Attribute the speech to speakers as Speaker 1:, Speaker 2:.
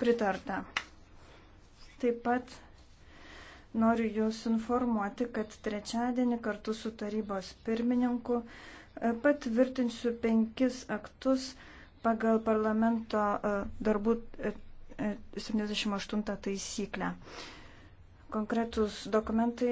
Speaker 1: pritarta. Taip pat noriu Jūs informuoti, kad trečiadienį kartu su tarybos pirmininku e, patvirtinsiu penkis aktus pagal parlamento e, darbų 78 e, taisyklę. Konkretus dokumentai